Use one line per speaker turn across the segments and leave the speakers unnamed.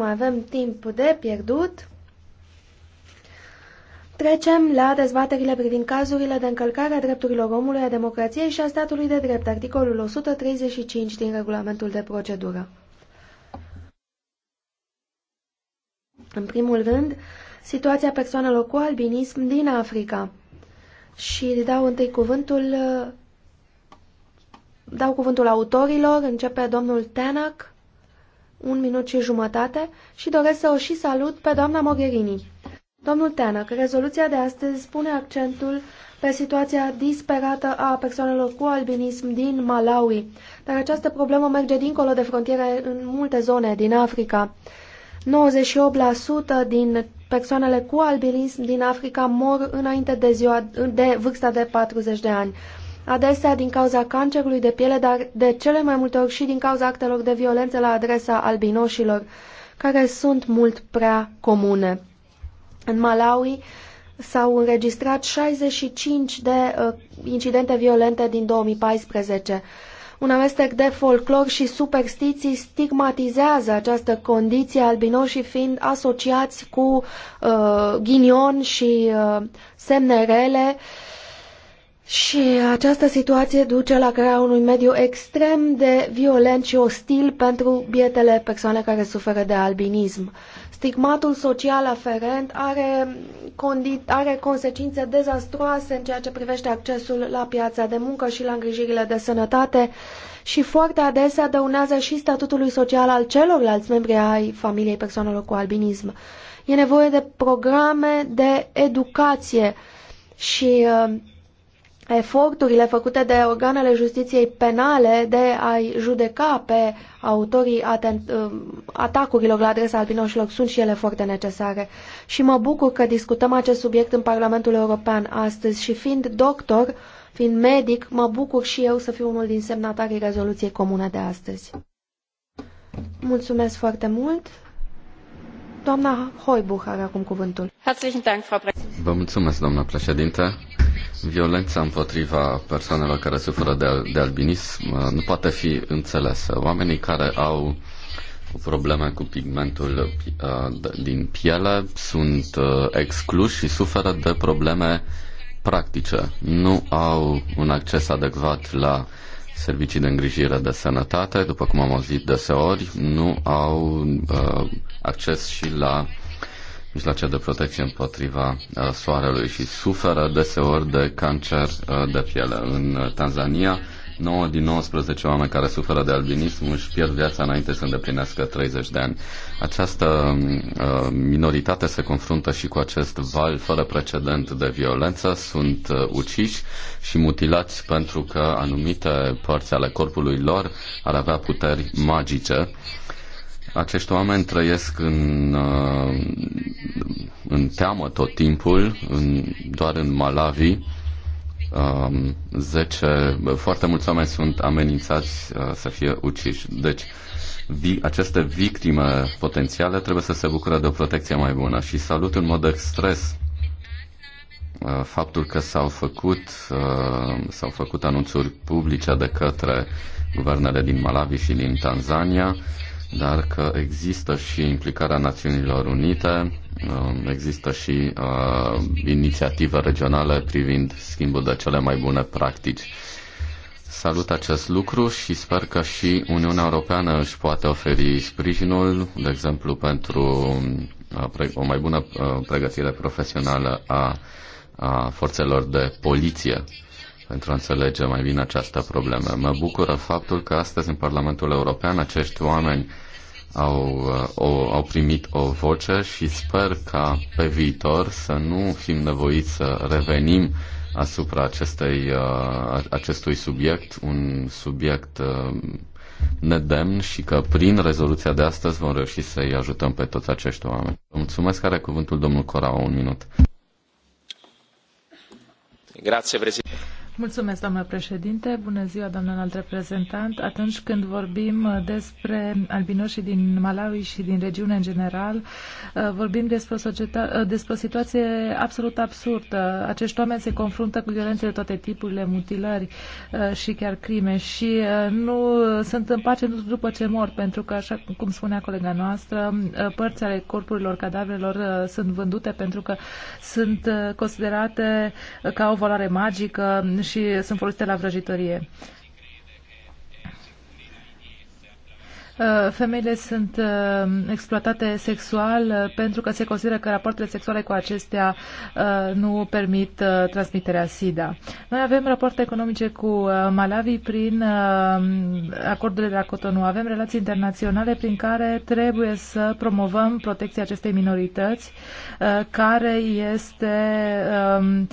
mai avem timp de pierdut. Trecem la dezbaterile privind cazurile de încălcare a drepturilor omului, a democrației și a statului de drept, articolul 135 din regulamentul de procedură. În primul rând, situația persoanelor cu albinism din Africa. Și dau întâi cuvântul, dau cuvântul autorilor, începe domnul Tenac un minut și jumătate și doresc să o și salut pe doamna Mogherini. Domnul Teanăc, rezoluția de astăzi pune accentul pe situația disperată a persoanelor cu albinism din Malawi, dar această problemă merge dincolo de frontiere în multe zone din Africa. 98% din persoanele cu albinism din Africa mor înainte de, ziua, de vârsta de 40 de ani adesea din cauza cancerului de piele, dar de cele mai multe ori și din cauza actelor de violență la adresa albinoșilor, care sunt mult prea comune. În Malawi s-au înregistrat 65 de uh, incidente violente din 2014. Un amestec de folclor și superstiții stigmatizează această condiție, albinoșii fiind asociați cu uh, ghinion și uh, semne rele, uh, și această situație duce la crearea unui mediu extrem de violent și ostil pentru bietele persoane care suferă de albinism. Stigmatul social aferent are, are consecințe dezastruoase în ceea ce privește accesul la piața de muncă și la îngrijirile de sănătate și foarte adesea dăunează și statutului social al celorlalți membri ai familiei persoanelor cu albinism. E nevoie de programe de educație și uh, eforturile făcute de organele justiției penale de a-i judeca pe autorii uh, atacurilor la adresa albinoșilor sunt și ele foarte necesare. Și mă bucur că discutăm acest subiect în Parlamentul European astăzi și fiind doctor, fiind medic, mă bucur și eu să fiu unul din semnatarii rezoluției comune de astăzi. Mulțumesc foarte mult! Doamna Hoibuch are acum cuvântul.
Vă mulțumesc, doamna președinte. Violența împotriva persoanelor care suferă de, de albinism uh, nu poate fi înțeleasă. Oamenii care au probleme cu pigmentul uh, din piele sunt uh, excluși și suferă de probleme practice. Nu au un acces adecvat la servicii de îngrijire de sănătate, după cum am auzit deseori, nu au uh, acces și la mijloace de protecție împotriva uh, soarelui și suferă deseori de cancer uh, de piele. În uh, Tanzania, 9 din 19 oameni care suferă de albinism își pierd viața înainte să îndeplinească 30 de ani. Această um, minoritate se confruntă și cu acest val fără precedent de violență, sunt uciși și mutilați pentru că anumite părți ale corpului lor ar avea puteri magice acești oameni trăiesc în, uh, în teamă tot timpul, în, doar în Malawi. 10, um, foarte mulți oameni sunt amenințați uh, să fie uciși. Deci, vi, aceste victime potențiale trebuie să se bucure de o protecție mai bună și salut în mod extres uh, faptul că s-au făcut, s-au făcut anunțuri publice de către guvernele din Malawi și din Tanzania dar că există și implicarea Națiunilor Unite, um, există și uh, inițiative regionale privind schimbul de cele mai bune practici. Salut acest lucru și sper că și Uniunea Europeană își poate oferi sprijinul, de exemplu, pentru uh, o mai bună uh, pregătire profesională a, a forțelor de poliție pentru a înțelege mai bine această problemă. Mă bucură faptul că astăzi în Parlamentul European acești oameni au, o, au primit o voce și sper ca pe viitor să nu fim nevoiți să revenim asupra acestei, uh, acestui subiect, un subiect uh, nedemn și că prin rezoluția de astăzi vom reuși să-i ajutăm pe toți acești oameni. Mulțumesc, are cuvântul domnul Cora un minut. Grazie, președinte.
Mulțumesc, doamnă președinte. Bună ziua, doamnă înalt reprezentant. Atunci când vorbim uh, despre albinoșii din Malawi și din regiune în general, uh, vorbim despre o, societate, uh, despre o situație absolut absurdă. Acești oameni se confruntă cu violențe de toate tipurile, mutilări și chiar crime și nu sunt în pace după ce mor, pentru că, așa cum spunea colega noastră, părți ale corpurilor cadavrelor sunt vândute pentru că sunt considerate ca o valoare magică și sunt folosite la vrăjitorie. Uh, femeile sunt uh, exploatate sexual uh, pentru că se consideră că rapoartele sexuale cu acestea nu permit transmiterea SIDA. Noi avem rapoarte economice cu Malawi prin acordurile de la Cotonou. Avem relații internaționale prin care trebuie să promovăm protecția acestei minorități care este um,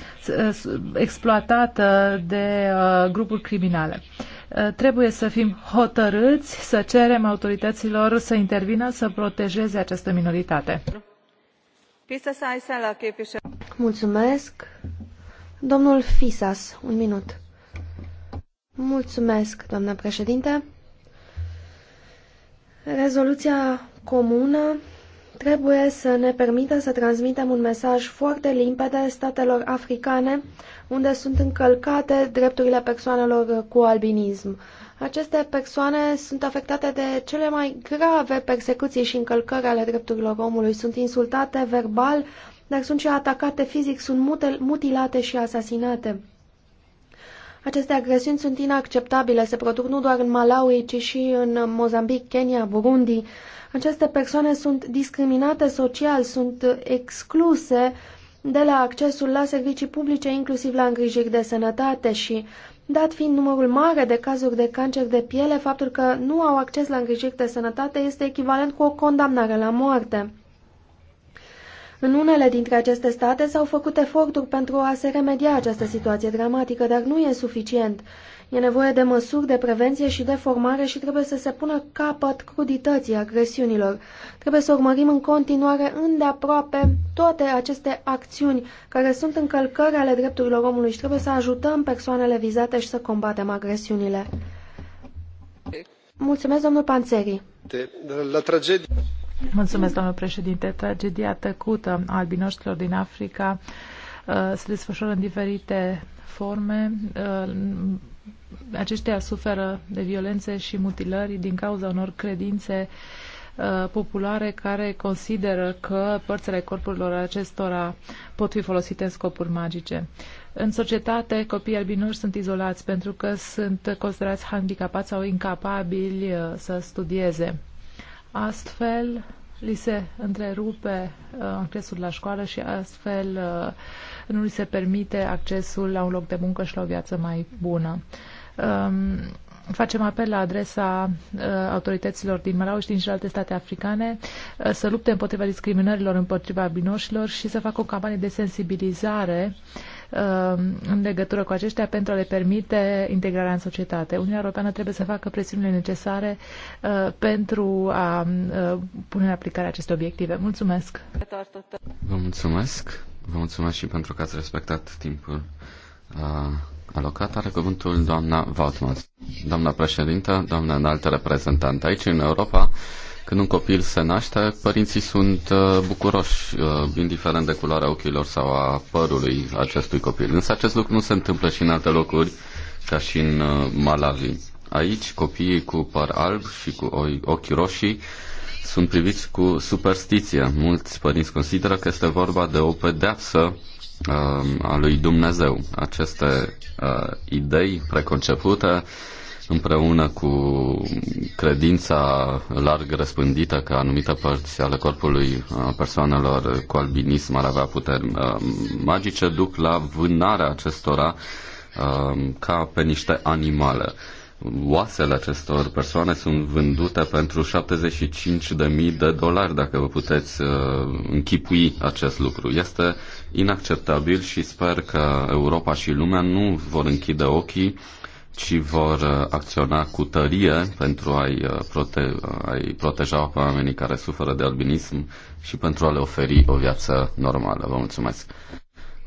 exploatată de grupuri criminale. Eh, trebuie să fim hotărâți să cerem autorităților să intervină să
protejeze această minoritate. Mulțumesc. Domnul Fisas, un minut. Mulțumesc, doamnă președinte. Rezoluția
comună
trebuie să ne permită să transmitem un mesaj foarte limpede statelor africane unde sunt încălcate drepturile persoanelor cu albinism. Aceste persoane sunt afectate de cele mai grave persecuții și încălcări ale drepturilor omului, sunt insultate verbal, dar sunt și atacate fizic, sunt mutilate și asasinate. Aceste agresiuni sunt inacceptabile, se produc nu doar în Malawi, ci și în Mozambic, Kenya, Burundi. Aceste persoane sunt discriminate social, sunt excluse de la accesul la servicii publice, inclusiv la îngrijiri de sănătate și, dat fiind numărul mare de cazuri de cancer de piele, faptul că nu au acces la îngrijiri de sănătate este echivalent cu o condamnare la moarte. În unele dintre aceste state s-au făcut eforturi pentru a se remedia această situație dramatică, dar nu e suficient. E nevoie de măsuri de prevenție și de formare și trebuie să se pună capăt crudității agresiunilor. Trebuie să urmărim în continuare îndeaproape toate aceste acțiuni care sunt încălcări ale drepturilor omului și trebuie să ajutăm persoanele vizate și să combatem agresiunile. Mulțumesc, domnul Panțeri.
La tragedie Mulțumesc, domnul președinte. Tragedia tăcută a albinoștilor din Africa uh, se desfășoară în diferite forme. Uh, aceștia suferă de violențe și mutilări din cauza unor credințe uh, populare care consideră că părțile corpurilor acestora pot fi folosite în scopuri magice. În societate, copiii albinoși sunt izolați pentru că sunt considerați handicapați sau incapabili să studieze. Astfel, li se întrerupe uh, accesul la școală și astfel uh, nu li se permite accesul la un loc de muncă și la o viață mai bună. Um, facem apel la adresa uh, autorităților din Malawi și din celelalte state africane să lupte împotriva discriminărilor, împotriva binoșilor și să facă o campanie de sensibilizare uh, Uh, în legătură cu aceștia pentru a le permite integrarea în societate. Uniunea Europeană trebuie să facă presiunile necesare uh, pentru a uh, pune în aplicare aceste obiective. Mulțumesc!
Vă mulțumesc! Vă mulțumesc și pentru că ați respectat timpul alocat. Are cuvântul doamna Vautmans. Doamna președintă, doamna înaltă reprezentantă aici în Europa. Când un copil se naște, părinții sunt uh, bucuroși, uh, indiferent de culoarea ochilor sau a părului acestui copil. Însă acest lucru nu se întâmplă și în alte locuri, ca și în uh, Malawi. Aici, copiii cu păr alb și cu ochi roșii sunt priviți cu superstiție. Mulți părinți consideră că este vorba de o pedeapsă a lui Dumnezeu. Aceste idei preconcepute împreună cu credința larg răspândită că anumite părți ale corpului persoanelor cu albinism ar avea puteri magice, duc la vânarea acestora ca pe niște animale. Oasele acestor persoane sunt vândute pentru 75.000 de dolari, dacă vă puteți uh, închipui acest lucru. Este inacceptabil și sper că Europa și lumea nu vor închide ochii ci vor uh, acționa cu tărie pentru a-i, uh, prote- a proteja pe oamenii care suferă de albinism și pentru a le oferi o viață normală. Vă mulțumesc!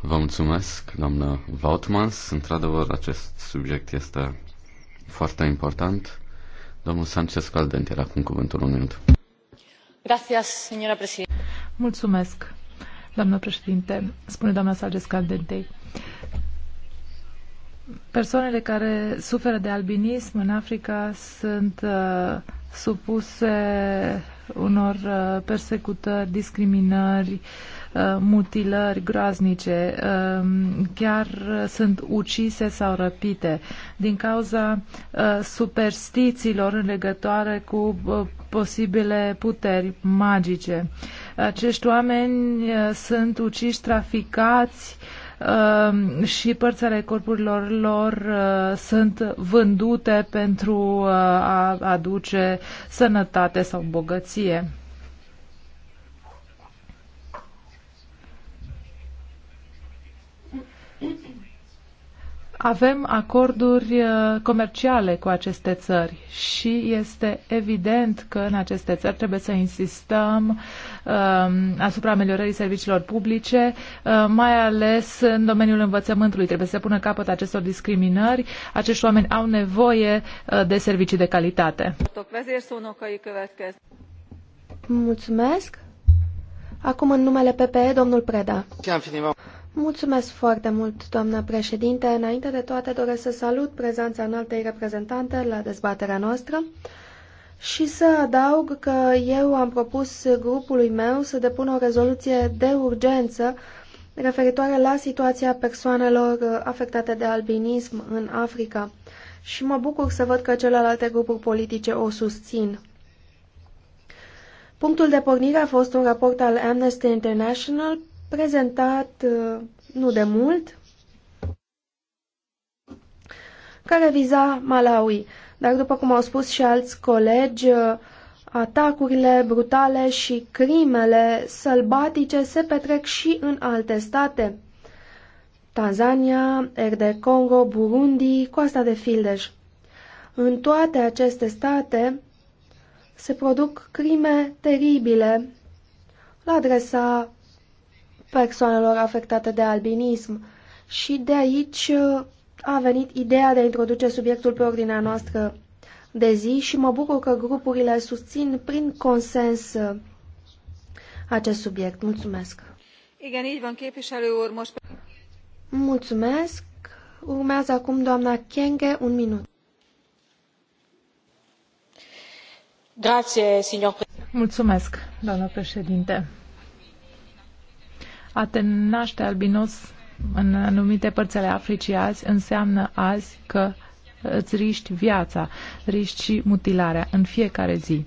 Vă mulțumesc, doamnă Vautmans. Într-adevăr, acest subiect este foarte important. Domnul Sanchez Caldent era acum cuvântul un minut.
Gracias, señora Mulțumesc, doamnă președinte. Spune doamna Sanchez Caldentei. Persoanele care suferă de albinism în Africa sunt uh, supuse unor uh, persecutări, discriminări, uh, mutilări groaznice, um, uh, chiar sunt ucise sau răpite din cauza uh, superstițiilor în legătoare cu uh, posibile puteri magice. Acești oameni uh, sunt uciși, traficați, uh, Ehm, și părți ale corpurilor lor eh, sunt vândute pentru eh, a aduce sănătate sau bogăție. Avem acorduri uh, comerciale cu aceste țări și este evident că în aceste țări trebuie să insistăm um, asupra ameliorării serviciilor publice, uh, mai ales în domeniul învățământului. Trebuie să pună capăt acestor discriminări. Acești oameni au nevoie
uh, de servicii de calitate. Mulțumesc. Acum în numele PPE, domnul Preda. Mulțumesc foarte mult, doamnă președinte. Înainte de toate, doresc să salut prezența înaltei reprezentante la dezbaterea noastră și să adaug că eu am propus grupului meu să depună o rezoluție de urgență referitoare la situația persoanelor afectate de albinism în Africa și mă bucur să văd că celelalte grupuri politice o susțin. Punctul de pornire a fost un raport al Amnesty International prezentat uh, nu de mult, care viza Malawi. Dar după cum au spus și alți colegi, uh, atacurile brutale și crimele sălbatice se petrec și în alte state. Tanzania, Erde Congo, Burundi, Coasta de Fildeș. În toate aceste state se produc crime teribile la adresa persoanelor afectate de albinism. Și de aici uh, a venit ideea de a introduce subiectul pe ordinea noastră de zi și mă bucur că grupurile susțin prin consens uh, acest subiect. Mulțumesc! Mulțumesc! Urmează acum doamna Kenge, un minut.
Grazie, signor
Mulțumesc,
doamnă președinte a te naște albinos în anumite părți ale Africii azi înseamnă azi că îți riști viața, riști și mutilarea în fiecare zi.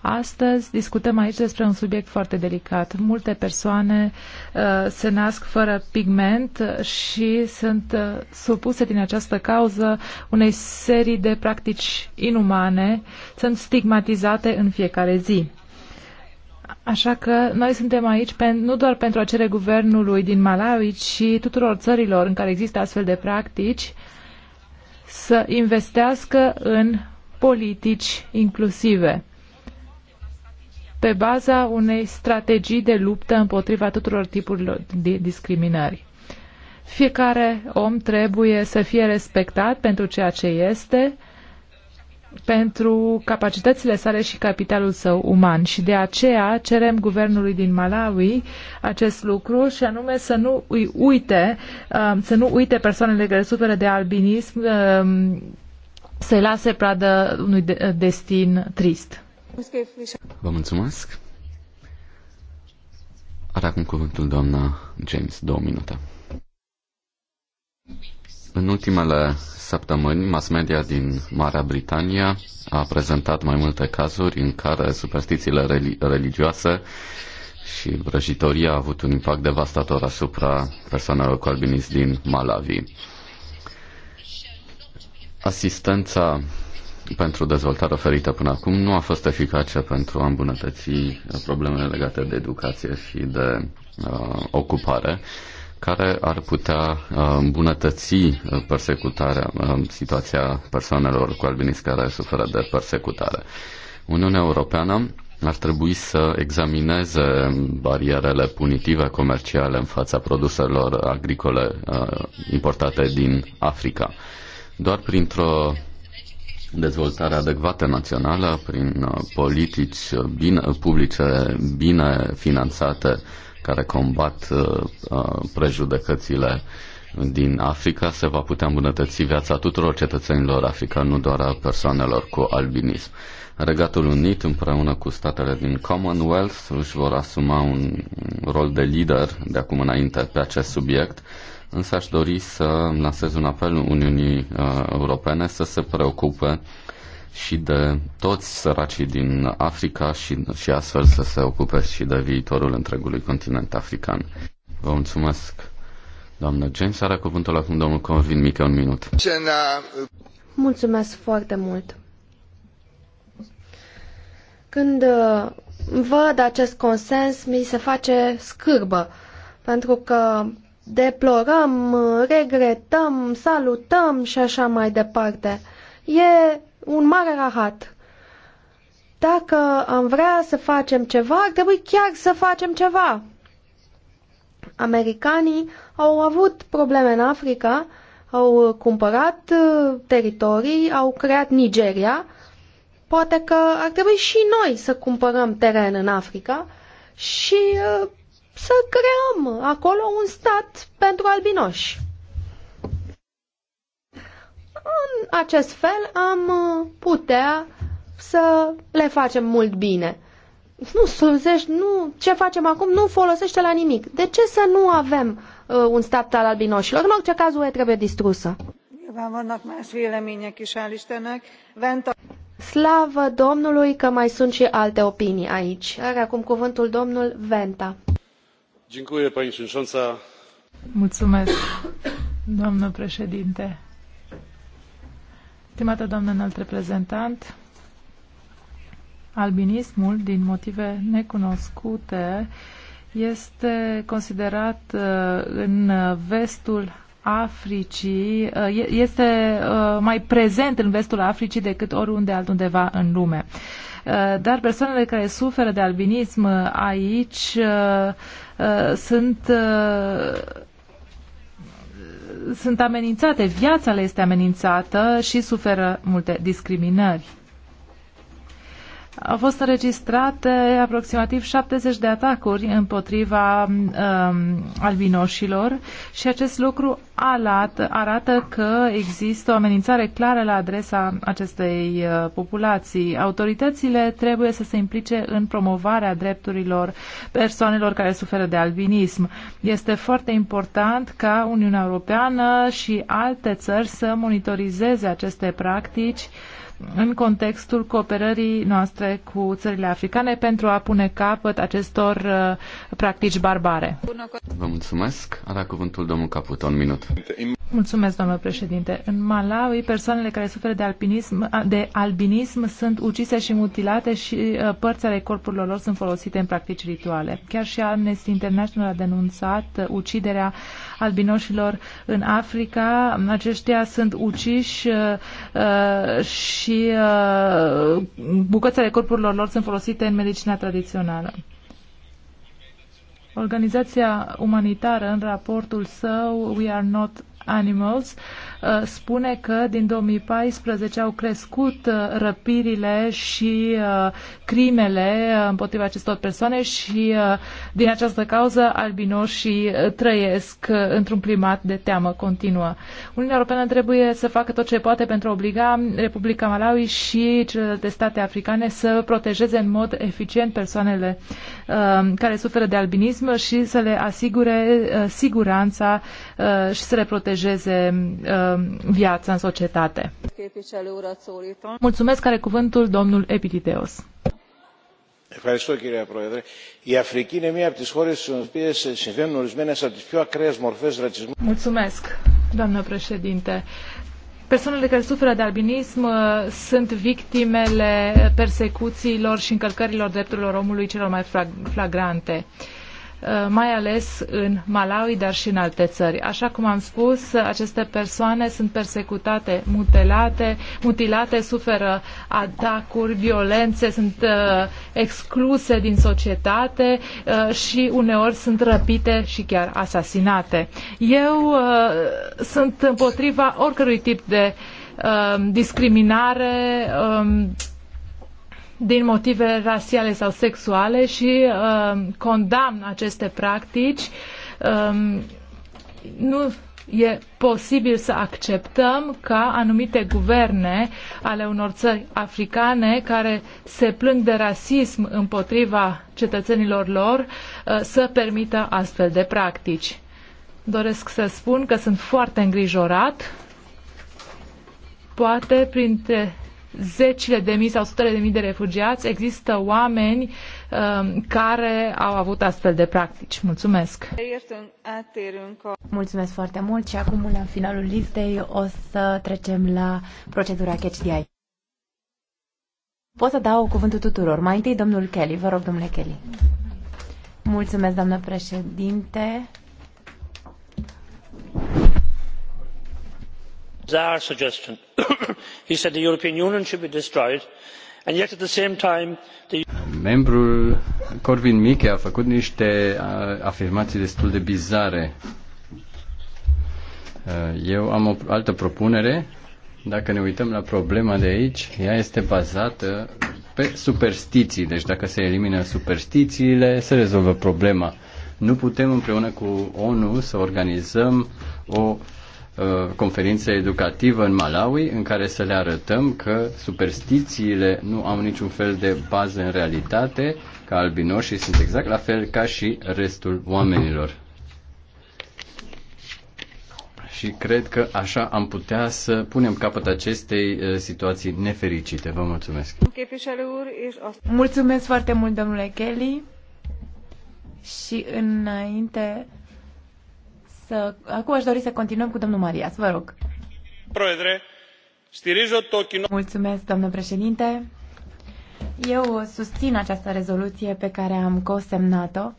Astăzi discutăm aici despre un subiect foarte delicat. Multe persoane uh, se nasc fără pigment și sunt uh, supuse din această cauză unei serii de practici inumane, sunt stigmatizate în fiecare zi. Așa că noi suntem aici pe, nu doar pentru a cere guvernului din Malawi, ci tuturor țărilor în care există astfel de practici să investească în politici inclusive pe baza unei strategii de luptă împotriva tuturor tipurilor de discriminări. Fiecare om trebuie să fie respectat pentru ceea ce este, pentru capacitățile sale și capitalul său uman și de aceea cerem guvernului din Malawi acest lucru și anume să nu îi uite, uh, să nu uite persoanele care suferă de albinism uh, să-i lase pradă unui uh, destin trist.
Vă mulțumesc. Are acum cuvântul doamna James, două minute. În ultimele săptămâni, mass media din Marea Britania a prezentat mai multe cazuri în care superstițiile religioase și vrăjitoria a avut un impact devastator asupra persoanelor cu albinism din Malawi. Asistența pentru dezvoltare oferită până acum nu a fost eficace pentru a îmbunătăți problemele legate de educație și de uh, ocupare. Uh, care ar putea uh, îmbunătăți uh, persecutarea, uh, situația persoanelor cu albinism care suferă de persecutare. Uniunea Europeană ar trebui să examineze barierele punitive comerciale în fața produselor agricole importate din Africa. Doar printr-o dezvoltare adecvată națională, prin politici bine, publice bine finanțate care combat uh, uh, prejudecățile din Africa, se va putea îmbunătăți viața tuturor cetățenilor africani, nu doar a persoanelor cu albinism. Regatul Unit împreună cu statele din Commonwealth își vor asuma un rol de lider de acum înainte pe acest subiect, însă aș dori să lansez un apel Uniunii uh, Europene să se preocupe uh, și de toți săracii din Africa și, și astfel să se ocupe și de viitorul întregului continent african. Vă mulțumesc, doamnă James. Are cuvântul acum domnul Convin Mică, un minut.
Mulțumesc foarte mult. Când uh, văd acest consens, mi se face scârbă, pentru că deplorăm, regretăm, salutăm și așa mai departe. E un mare rahat. Dacă am vrea să facem ceva, ar trebui chiar să facem ceva. Americanii au avut probleme în Africa, au cumpărat uh, teritorii, au creat Nigeria. Poate că ar trebui și noi să cumpărăm teren în Africa și uh, să creăm acolo un stat pentru albinoși. În acest fel am uh, putea să le facem mult bine. Nu slujești, nu, ce facem acum nu folosește la nimic. De ce să nu avem uh, un stat al albinoșilor? În orice caz, UE trebuie distrusă. Slavă Domnului că mai sunt și alte opinii aici. Are acum cuvântul domnul Venta. Mulțumesc,
doamnă președinte. Stimată doamnă înalt reprezentant, albinismul, din motive necunoscute, este considerat uh, în vestul Africii, uh, este uh, mai prezent în vestul Africii decât oriunde altundeva în lume. Dar persoanele care suferă de albinism aici sunt sunt amenințate, viața le este amenințată și suferă multe discriminări. Au fost înregistrate aproximativ 70 de atacuri împotriva um, albinoșilor și acest lucru arată, arată că există o amenințare clară la adresa acestei uh, populații. Autoritățile trebuie să se implice în promovarea drepturilor persoanelor care suferă de albinism. Este foarte important ca Uniunea Europeană și alte țări să monitorizeze aceste practici în contextul cooperării noastre cu țările africane pentru a pune capăt acestor uh, practici barbare.
Vă mulțumesc. Are cuvântul domnul Caput, un minut.
Mulțumesc, domnule președinte. În Malawi, persoanele care suferă de, de albinism sunt ucise și mutilate și uh, părți ale corpurilor lor sunt folosite în practici rituale. Chiar și Amnesty International a denunțat uciderea albinoșilor în Africa. Aceștia sunt uciși uh, uh și uh, bucățele corpurilor lor sunt folosite în medicina tradițională. Organizația umanitară, în raportul său We Are Not Animals, Uh, spune că din 2014 au crescut uh, răpirile și uh, crimele împotriva acestor persoane și din această cauză albinoșii trăiesc într-un climat de teamă continuă. Uniunea Europeană trebuie să facă tot ce poate pentru a obliga Republica Malawi și celelalte state africane să protejeze în mod eficient persoanele care suferă de albinism și să le asigure siguranța și să le protejeze Uh, viață în societate. Mulțumesc, care cuvântul domnul Epititeos. Ευχαριστώ κύριε Πρόεδρε. Η Αφρική είναι μία από τις χώρες στις οποίες συμβαίνουν ορισμένες από τις πιο ακραίες μορφές ρατσισμού. Mulțumesc, doamnă președinte. Persoanele care suferă de albinism uh, sunt victimele persecuțiilor și încălcărilor drepturilor omului celor mai flagrante. Uh, Uh, mai ales în Malawi, dar și în alte țări. Așa cum am spus, aceste persoane sunt persecutate, mutilate, mutilate suferă atacuri, violențe, sunt uh, excluse din societate uh, și uneori sunt răpite și chiar asasinate. Eu uh, sunt împotriva oricărui tip de uh, discriminare um, din motive rasiale sau sexuale și uh, condamn aceste practici. Um, nu e posibil să acceptăm ca anumite guverne ale unor țări africane care se plâng de rasism împotriva cetățenilor lor uh, să permită astfel de practici. Doresc să spun că sunt foarte îngrijorat. Poate printre zecile de mii sau sutele de mii de refugiați, există oameni um, care au avut astfel de practici. Mulțumesc! Mulțumesc
foarte mult și acum la finalul listei o să trecem la procedura catch the Pot să dau cuvântul tuturor. Mai întâi domnul Kelly. Vă rog, domnule Kelly. Mulțumesc, doamnă președinte
bizarre suggestion. he said the european union should be destroyed and yet at the same time the membrul Corvin mikke a făcut niște afirmații destul de bizare. Uh, eu am o altă propunere. Dacă ne uităm la problema de aici, ea este bazată pe superstiții. Deci dacă se elimină superstițiile, se rezolvă problema. Nu putem împreună cu ONU să organizăm o Uh, conferință educativă în Malawi în care să le arătăm că superstițiile nu au niciun fel de bază în realitate, că albinoșii sunt exact la fel ca și restul oamenilor. Și cred că așa am putea să punem capăt acestei uh, situații nefericite. Vă mulțumesc.
Mulțumesc foarte mult, domnule Kelly. Și înainte să... Acum aș dori să continuăm cu domnul Marias, vă rog. Mulțumesc, domnule președinte. Eu susțin această rezoluție pe care am cosemnat-o.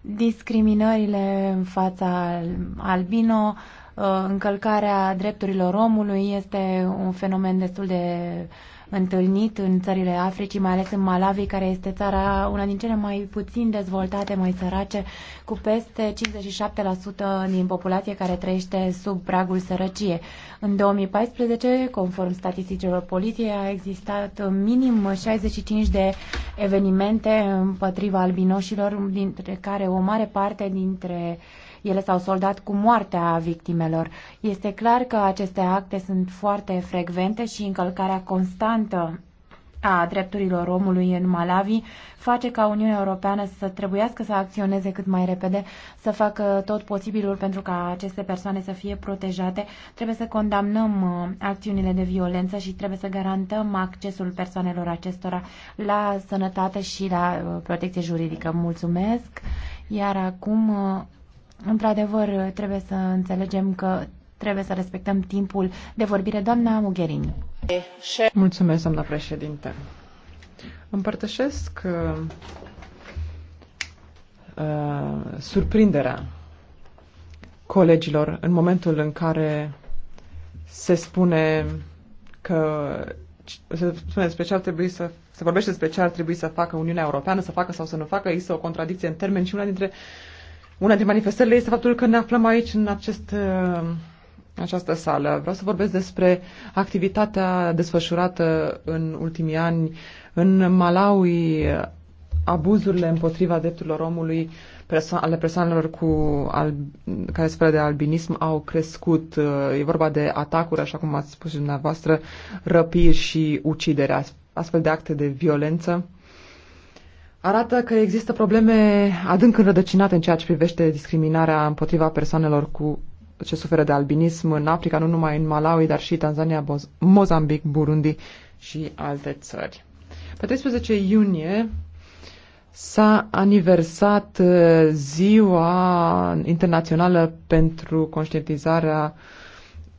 Discriminările în fața albino, uh, încălcarea drepturilor omului este un fenomen destul de uh, întâlnit în țările Africii, mai ales în Malawi, care este țara una din cele mai puțin dezvoltate, mai sărace, cu peste 57% din populație care trăiește sub pragul sărăcie. În 2014, conform statisticilor poliției, a existat minim 65 de evenimente împotriva albinoșilor, dintre care o mare parte dintre uh, ele s-au soldat cu moartea victimelor. Este clar că aceste acte sunt foarte frecvente și încălcarea constantă a drepturilor omului în Malawi face ca Uniunea Europeană să trebuiască să acționeze cât mai repede, să facă tot posibilul pentru ca aceste persoane să fie protejate. Trebuie să condamnăm uh, acțiunile de violență și trebuie să garantăm accesul persoanelor acestora la sănătate și la uh, protecție juridică. Mulțumesc! Iar acum uh, Într-adevăr, trebuie să înțelegem că trebuie să respectăm timpul de vorbire. Doamna Mugherini.
Mulțumesc, doamna președinte.
Împărtășesc uh,
uh, surprinderea colegilor în momentul în care se spune că se spune despre ce ar trebui să se vorbește despre ce ar trebui să facă Uniunea Europeană, să facă sau să nu facă, există o contradicție în termeni și una dintre uh, una din manifestările este faptul că ne aflăm aici, în acest, uh, această sală. Vreau să vorbesc despre activitatea desfășurată în ultimii ani în Malawi, abuzurile împotriva drepturilor omului perso- ale persoanelor cu al- care suferă de albinism au crescut. Uh, e vorba de atacuri, așa cum ați spus și dumneavoastră, răpiri și ucidere, astfel de acte de violență arată că există probleme adânc înrădăcinate în ceea ce privește discriminarea împotriva persoanelor cu ce suferă de albinism în Africa, nu numai în Malawi, dar și Tanzania, Boz Mozambic, Burundi și alte țări. Pe 13 iunie s-a aniversat uh, Ziua Internațională pentru conștientizarea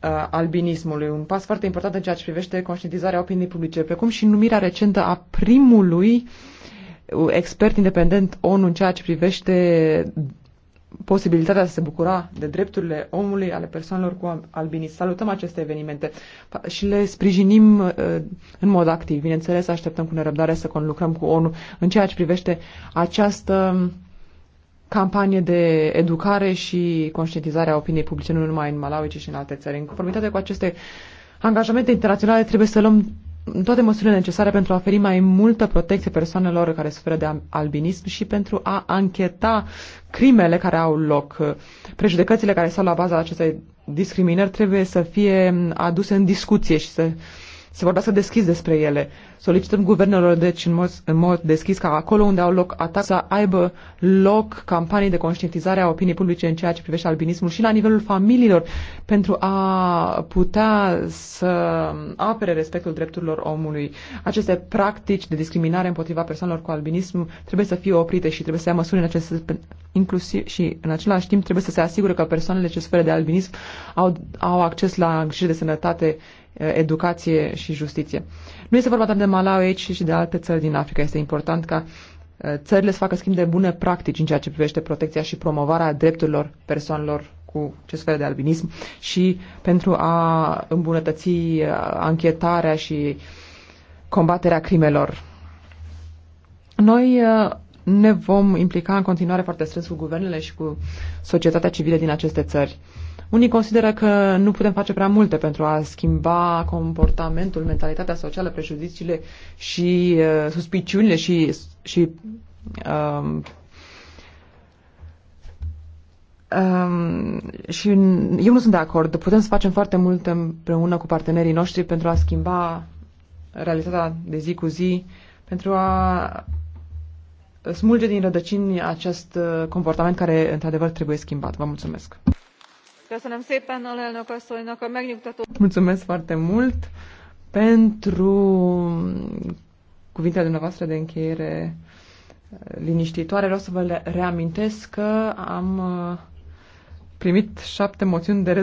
uh, albinismului, un pas foarte important în ceea ce privește conștientizarea opiniei publice, precum și numirea recentă a primului expert independent ONU în ceea ce privește posibilitatea să se bucura de drepturile omului ale persoanelor cu albinism. Salutăm aceste evenimente și le sprijinim uh, în mod activ. Bineînțeles, așteptăm cu nerăbdare să conlucrăm cu ONU în ceea ce privește această campanie de educare și conștientizare a opiniei publice, nu numai în Malawi, ci și în alte țări. În conformitate cu aceste angajamente internaționale, trebuie să luăm toate măsurile necesare pentru a oferi mai multă protecție persoanelor care suferă de albinism și pentru a ancheta crimele care au loc. Prejudecățile care stau la baza acestei discriminări trebuie să fie aduse în discuție și să se vorbească deschis despre ele. Solicităm guvernelor, deci, în mod, în mod deschis, ca acolo unde au loc atac să aibă loc campanii de conștientizare a opiniei publice în ceea ce privește albinismul și la nivelul familiilor, pentru a putea să apere respectul drepturilor omului. Aceste practici de discriminare împotriva persoanelor cu albinism trebuie să fie oprite și trebuie să ia măsuri în acest sens, inclusiv și în același timp trebuie să se asigure că persoanele ce suferă de albinism au, au acces la îngrijire de sănătate Eh, educație și justiție. Nu este vorba doar de Malawi, aici și de alte țări din Africa. Este important ca eh, țările să facă schimb de bune practici în ceea ce privește protecția și promovarea drepturilor persoanelor cu acest fel de albinism și pentru a îmbunătăți eh, anchetarea și combaterea crimelor. Noi ne vom implica în continuare foarte strâns cu guvernele și cu societatea civilă din aceste țări. Unii consideră că nu putem face prea multe pentru a schimba comportamentul, mentalitatea socială, prejudiciile și uh, suspiciunile și, și um, Um, și eu nu sunt de acord. Putem să facem foarte mult împreună cu partenerii noștri pentru a schimba realitatea de zi cu zi, pentru a smulge din rădăcini acest uh, comportament care, într-adevăr, trebuie schimbat. Vă mulțumesc! Mulțumesc foarte mult pentru cuvintele dumneavoastră de încheiere liniștitoare. Vreau să vă reamintesc că am uh, primit șapte moțiuni de